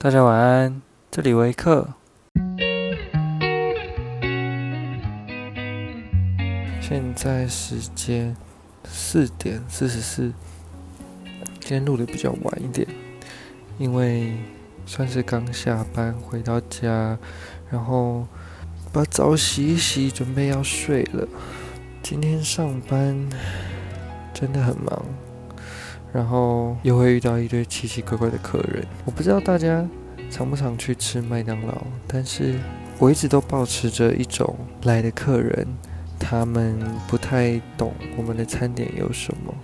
大家晚安，這裡維克。現在時間四點四十四，今天錄的比較晚一點，因為算是剛下班回到家，然後把澡洗一洗，準備要睡了。今天上班真的很忙。然後又會遇到一堆奇奇怪怪的客人，我不知道大家常不常去吃麥當勞，但是我一直都保持着一種，來的客人他們不太懂我們的餐點有什麼，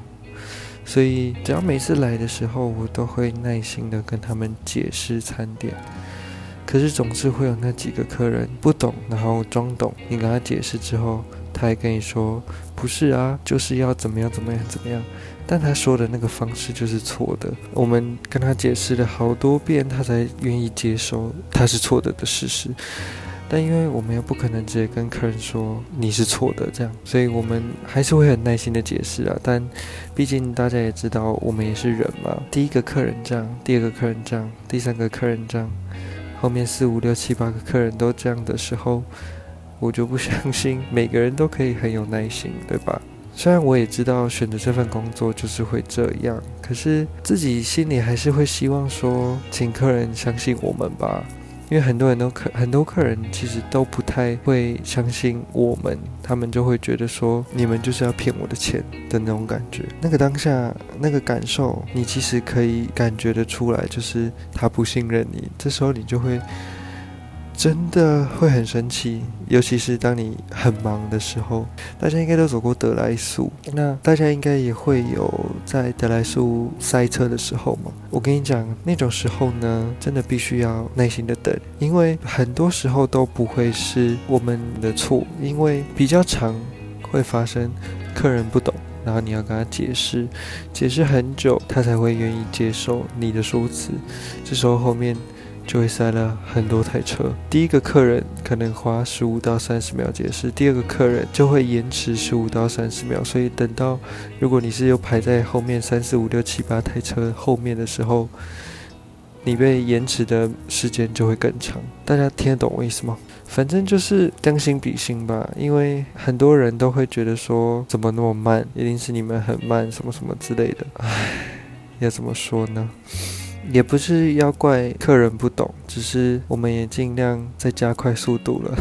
所以只要每次來的時候，我都會耐心的跟他們解釋餐點，可是總是會有那幾個客人不懂，然後裝懂，你跟他解釋之後，他還跟你說不是啊，就是要怎麼樣怎麼樣怎麼樣。但他說的那個方式就是錯的，我們跟他解釋了好多遍，他才願意接受他是錯的的事實。但因為我們又不可能直接跟客人說你是錯的這樣，所以我們還是會很耐心的解釋啊。但畢竟大家也知道我們也是人嘛，第一個客人這樣，第二個客人這樣，第三個客人這樣，後面四五六七八個客人都這樣的時候，我就不相信每個人都可以很有耐心，對吧？雖然我也知道選擇這份工作就是會這樣，可是自己心裡還是會希望說，請客人相信我們吧，因為很多人都客，很多客人其實都不太會相信我們，他們就會覺得說你們就是要騙我的錢的那種感覺。那個當下那個感受，你其實可以感覺得出來，就是他不信任你，這時候你就會。真的會很神奇，尤其是當你很忙的時候。大家應該都走過得來速，那大家應該也會有在得來速塞車的時候嘛。我跟你講，那種時候呢，真的必須要耐心的等，因為很多時候都不會是我們的錯，因為比較常會發生客人不懂，然後你要跟他解釋，解釋很久他才會願意接受你的說辭。這時候後面。就會塞了很多台車。第一個客人可能花十五到三十秒解釋，第二個客人就會延遲十五到三十秒。所以等到如果你是又排在後面三四五六七八台車後面的時候，你被延遲的時間就會更長。大家聽得懂我意思嗎？反正就是將心比心吧，因為很多人都會覺得說怎麼那麼慢，一定是你們很慢什麼什麼之類的。唉，要怎麼說呢？也不是要怪客人不懂，只是我們也儘量在加快速度了。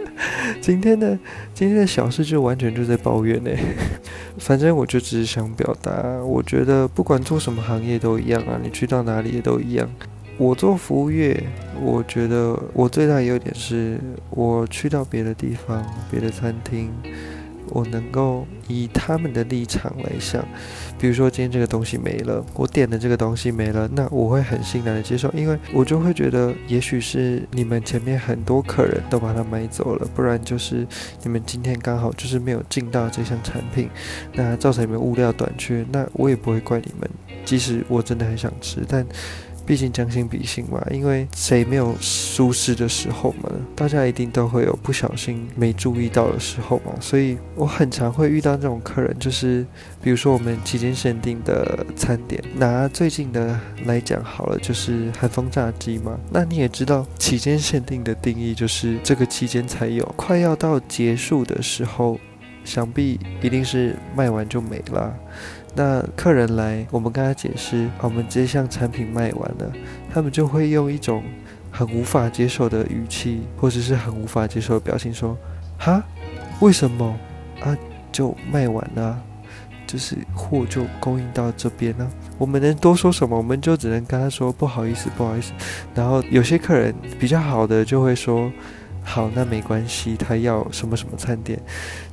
今天的今天的小事就完全就在抱怨呢、欸， 反正我就只是想表達，我覺得不管做什麼行業都一樣啊，你去到哪裡也都一樣。我做服務業，我覺得我最大優點是，我去到別的地方、別的餐廳。我能夠以他們的立場來想，比如說今天這個東西沒了，我點的這個東西沒了，那我會很欣然的接受，因為我就會覺得，也許是你們前面很多客人都把它買走了，不然就是你們今天剛好就是沒有進到這項產品，那造成你們物料短缺，那我也不會怪你們。即使我真的很想吃，但。畢竟將心比心嘛，因為誰沒有舒適的時候嘛？大家一定都會有不小心沒注意到的時候嘛。所以我很常會遇到這種客人，就是比如說我們期間限定的餐點，拿最近的來講好了，就是韓風炸雞嘛。那你也知道期間限定的定義就是這個期間才有，快要到結束的時候，想必一定是賣完就沒了。那客人來，我們跟他解釋，我們這項產品賣完了，他們就會用一種很無法接受的語氣，或者是，是很無法接受的表情說：“哈，為什麼啊？就賣完了，就是貨就供應到這邊了啊。我們能多說什麼？我們就只能跟他說不好意思，不好意思。然後有些客人比較好的，就會說。”好，那沒關係。他要什麼什麼餐點，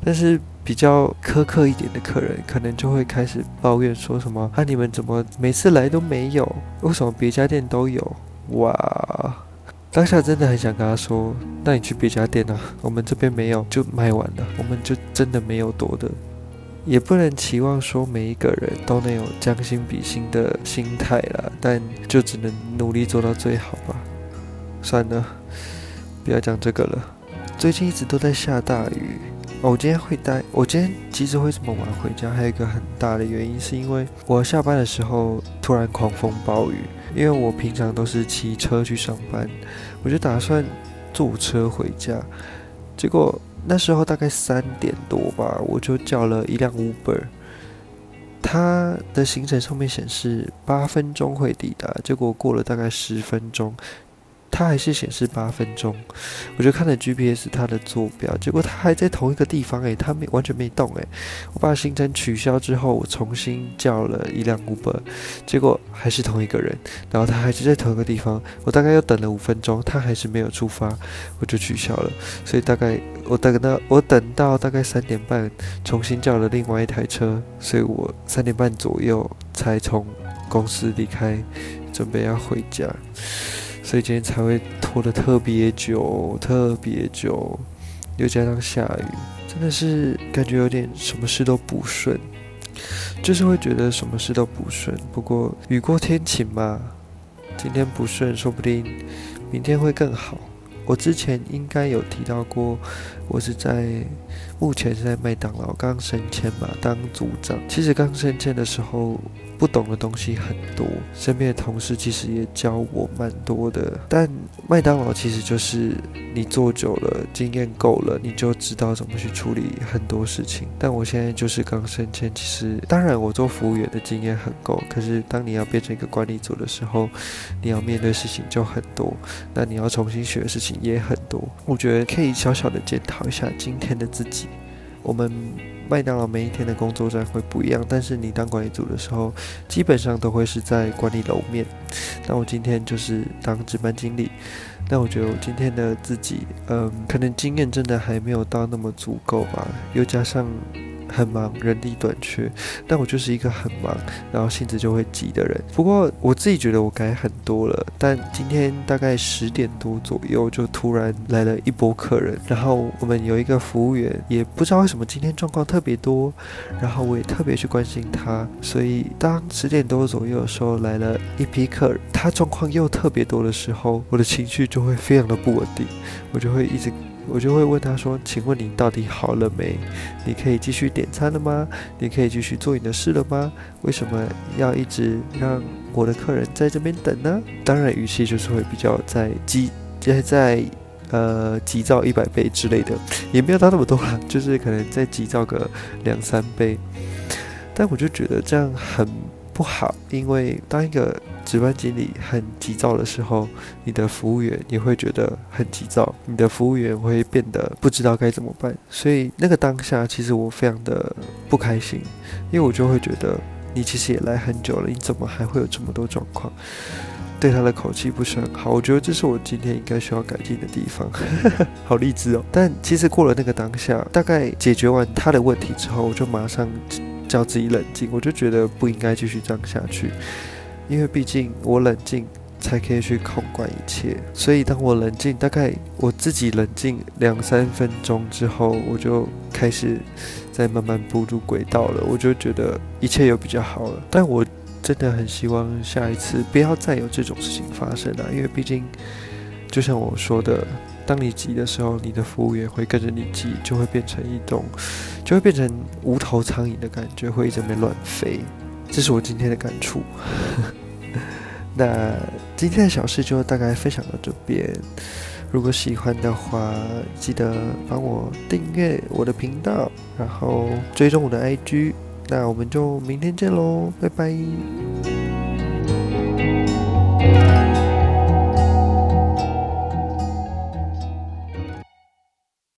但是比較苛刻一點的客人，可能就會開始抱怨，說什麼：“啊？你們怎麼每次來都沒有？為什麼別家店都有？”哇，當下真的很想跟他說：“那你去別家店啊，我們這邊沒有就賣完了，我們就真的沒有多的。”也不能期望說每一個人都能有將心比心的心態了，但就只能努力做到最好吧。算了。不要講這個了。最近一直都在下大雨。哦，我今天會待，我今天其實會這麼晚回家，還有一個很大的原因，是因為我下班的時候突然狂風暴雨。因為我平常都是騎車去上班，我就打算坐車回家。結果那時候大概三點多吧，我就叫了一輛 Uber。它的行程上面顯示八分鐘會抵達，結果過了大概十分鐘。它還是顯示八分鐘，我就看了 GPS 它的坐標，結果它還在同一個地方欸，它沒完全沒動欸。我把行程取消之後，我重新叫了一輛 Uber，結果還是同一個人，然後他還是在同一個地方。我大概又等了五分鐘，他還是沒有出發，我就取消了。所以大概我等到我等到大概三點半，重新叫了另外一台車，所以我三點半左右才從公司離開，準備要回家。所以今天才會拖得特別久，特別久，又加上下雨，真的是感覺有點什麼事都不順，就是會覺得什麼事都不順。不過雨過天晴嘛，今天不順，說不定明天會更好。我之前應該有提到過。我是在目前是在麥當勞剛升遷嘛，當組長。其實剛升遷的時候，不懂的東西很多，身邊的同事其實也教我蠻多的。但麥當勞其實就是你做久了，經驗夠了，你就知道怎麼去處理很多事情。但我現在就是剛升遷，其實當然我做服務員的經驗很夠，可是當你要變成一個管理組的時候，你要面對事情就很多，那你要重新學的事情也很多。我覺得可以小小的檢討。考一下今天的自己。我們麥當勞每一天的工作站會不一樣，但是你當管理組的時候，基本上都會是在管理樓面。那我今天就是當值班經理，那我覺得我今天的自己，嗯，可能經驗真的還沒有到那麼足夠吧，又加上。很忙，人力短缺，但我就是一個很忙，然後性子就會急的人。不過我自己覺得我改很多了，但今天大概十點多左右就突然來了一波客人，然後我們有一個服務員也不知道為什麼今天狀況特別多，然後我也特別去關心他，所以當十點多左右的時候來了一批客人，他狀況又特別多的時候，我的情緒就會非常的不穩定，我就會一直。我就會問他說：“請問你到底好了沒？你可以繼續點餐了嗎？你可以繼續做你的事了嗎？為什麼要一直讓我的客人在這邊等呢？”當然，語氣就是會比較在急，在在呃急躁一百倍之類的，也沒有到那麼多啦，就是可能再急躁個兩三倍。但我就覺得這樣很。不好，因為當一個值班經理很急躁的時候，你的服務員也會覺得很急躁，你的服務員會變得不知道該怎麼辦。所以那個當下，其實我非常的不開心，因為我就會覺得你其實也來很久了，你怎麼還會有這麼多狀況？對他的口氣不是很好，我覺得這是我今天應該需要改進的地方。 好勵志哦！但其實過了那個當下，大概解決完他的問題之後，我就馬上。叫自己冷靜，我就覺得不應該繼續這樣下去，因為畢竟我冷靜才可以去控管一切。所以當我冷靜，大概我自己冷靜兩三分鐘之後，我就開始再慢慢步入軌道了。我就覺得一切又比較好了。但我真的很希望下一次不要再有這種事情發生了啊，因為畢竟就像我說的。當你急的時候，你的服務員會跟着你急，就會變成一種，就會變成無頭蒼蠅的感覺，會一直在那邊亂飛。這是我今天的感觸。 那今天的小事就大概分享到這邊。如果喜歡的話，記得幫我訂閱我的頻道，然後追蹤我的 IG。那我們就明天見嘍，拜拜。